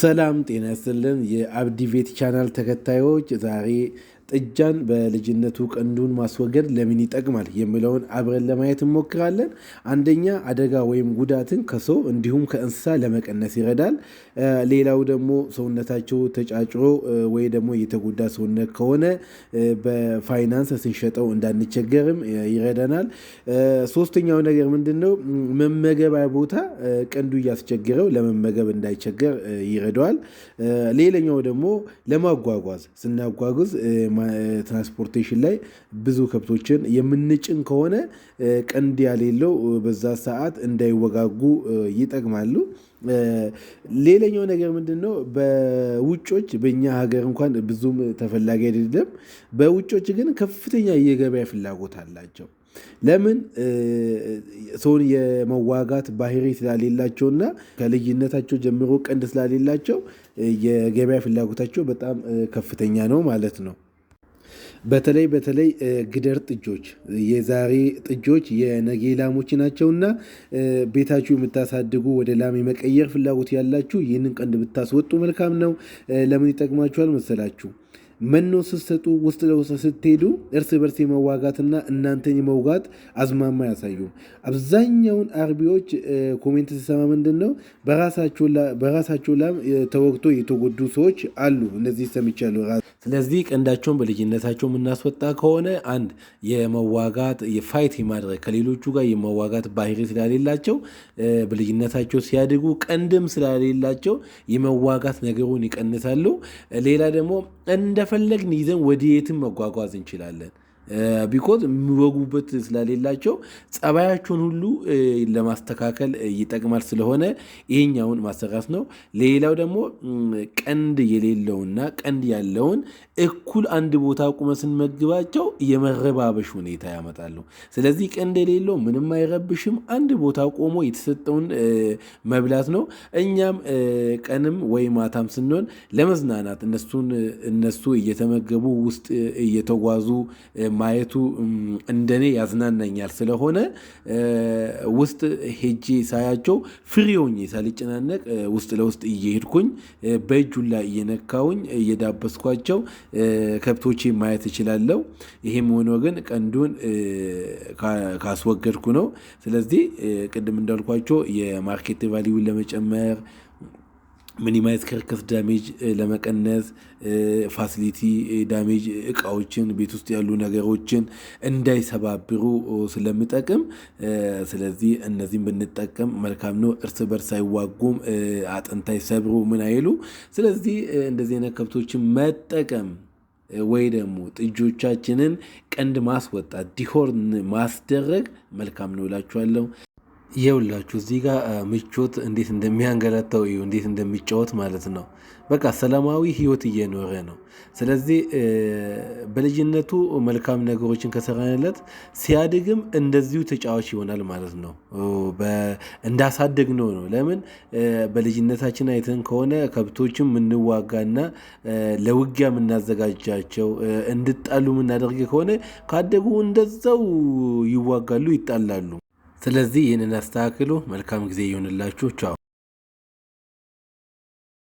ሰላም ጤና ይስጥልን። የአብዲቬት ቻናል ተከታዮች ዛሬ ጥጃን በልጅነቱ ቀንዱን ማስወገድ ለምን ይጠቅማል የሚለውን አብረን ለማየት እንሞክራለን። አንደኛ አደጋ ወይም ጉዳትን ከሰው እንዲሁም ከእንስሳ ለመቀነስ ይረዳል። ሌላው ደግሞ ሰውነታቸው ተጫጭሮ ወይ ደግሞ የተጎዳ ሰውነት ከሆነ በፋይናንስ ስንሸጠው እንዳንቸገርም ይረዳናል። ሶስተኛው ነገር ምንድን ነው? መመገቢያ ቦታ ቀንዱ እያስቸገረው ለመመገብ እንዳይቸገር ይረዳዋል። ሌላኛው ደግሞ ለማጓጓዝ ስናጓጉዝ ትራንስፖርቴሽን ላይ ብዙ ከብቶችን የምንጭን ከሆነ ቀንድ ያሌለው በዛ ሰዓት እንዳይወጋጉ ይጠቅማሉ። ሌላኛው ነገር ምንድን ነው? በውጮች በእኛ ሀገር እንኳን ብዙም ተፈላጊ አይደለም። በውጮች ግን ከፍተኛ የገበያ ፍላጎት አላቸው። ለምን ሰውን የመዋጋት ባህሪ እና ከልዩነታቸው ጀምሮ ቀንድ ስላሌላቸው የገበያ ፍላጎታቸው በጣም ከፍተኛ ነው ማለት ነው። በተለይ በተለይ ግደር ጥጆች የዛሬ ጥጆች የነጌ ላሞች ናቸውእና ቤታችሁ የምታሳድጉ ወደ ላም የመቀየር ፍላጎት ያላችሁ ይህንን ቀንድ ብታስወጡ መልካም ነው። ለምን ይጠቅማችኋል መሰላችሁ? መኖ ስትሰጡ ውስጥ ለውስጥ ስትሄዱ እርስ በርስ የመዋጋትና እናንተን የመውጋት አዝማማ ያሳዩ። አብዛኛውን አርቢዎች ኮሜንት ሲሰማ ምንድን ነው በራሳቸው ላም ተወግቶ የተጎዱ ሰዎች አሉ። እነዚህ ሰምቻለሁ። ስለዚህ ቀንዳቸውን በልጅነታቸው የምናስወጣ ከሆነ አንድ የመዋጋት የፋይት የማድረግ ከሌሎቹ ጋር የመዋጋት ባህሪ ስላሌላቸው በልጅነታቸው ሲያድጉ ቀንድም ስላሌላቸው የመዋጋት ነገሩን ይቀንሳሉ። ሌላ ደግሞ እንደ እንደፈለግን ይዘን ወደ መጓጓዝ እንችላለን። ቢኮዝ የሚወጉበት ስለሌላቸው ጸባያቸውን ሁሉ ለማስተካከል ይጠቅማል። ስለሆነ ይሄኛውን ማሰራት ነው። ሌላው ደግሞ ቀንድ የሌለውና ቀንድ ያለውን እኩል አንድ ቦታ ቁመ ስንመግባቸው የመረባበሽ ሁኔታ ያመጣሉ። ስለዚህ ቀንድ የሌለው ምንም አይረብሽም፣ አንድ ቦታ ቆሞ የተሰጠውን መብላት ነው። እኛም ቀንም ወይ ማታም ስንሆን ለመዝናናት እነሱን እነሱ እየተመገቡ ውስጥ እየተጓዙ ማየቱ እንደኔ ያዝናናኛል። ስለሆነ ውስጥ ሄጄ ሳያቸው ፍሪ ሆኜ ሳልጨናነቅ ውስጥ ለውስጥ እየሄድኩኝ በእጁላ እየነካውኝ እየዳበስኳቸው ከብቶቼ ማየት እችላለሁ። ይሄም ሆኖ ግን ቀንዱን ካስወገድኩ ነው። ስለዚህ ቅድም እንዳልኳቸው የማርኬት ቫሊዩን ለመጨመር ሚኒማይዝ ከርከስ ዳሜጅ ለመቀነስ ፋሲሊቲ ዳሜጅ እቃዎችን ቤት ውስጥ ያሉ ነገሮችን እንዳይሰባብሩ ስለሚጠቅም፣ ስለዚህ እነዚህም ብንጠቀም መልካም ነው። እርስ በርስ አይዋጉም፣ አጥንት አይሰብሩ፣ ምን አይሉ። ስለዚህ እንደዚህ አይነት ከብቶችን መጠቀም ወይ ደግሞ ጥጆቻችንን ቀንድ ማስወጣት ዲሆርን ማስደረግ መልካም ነው እላችኋለሁ። የውላችሁ እዚህ ጋር ምቾት እንዴት እንደሚያንገላታው እዩ፣ እንዴት እንደሚጫወት ማለት ነው። በቃ ሰላማዊ ህይወት እየኖረ ነው። ስለዚህ በልጅነቱ መልካም ነገሮችን ከሰራንለት ሲያድግም እንደዚሁ ተጫዋች ይሆናል ማለት ነው። እንዳሳደግ ነው ነው። ለምን በልጅነታችን አይተን ከሆነ ከብቶችም የምንዋጋና ለውጊያ የምናዘጋጃቸው እንድጣሉ የምናደርግ ከሆነ ካደጉ እንደዛው ይዋጋሉ፣ ይጣላሉ። ስለዚህ ይህንን አስተካክሉ። መልካም ጊዜ ይሆንላችሁ። ቻው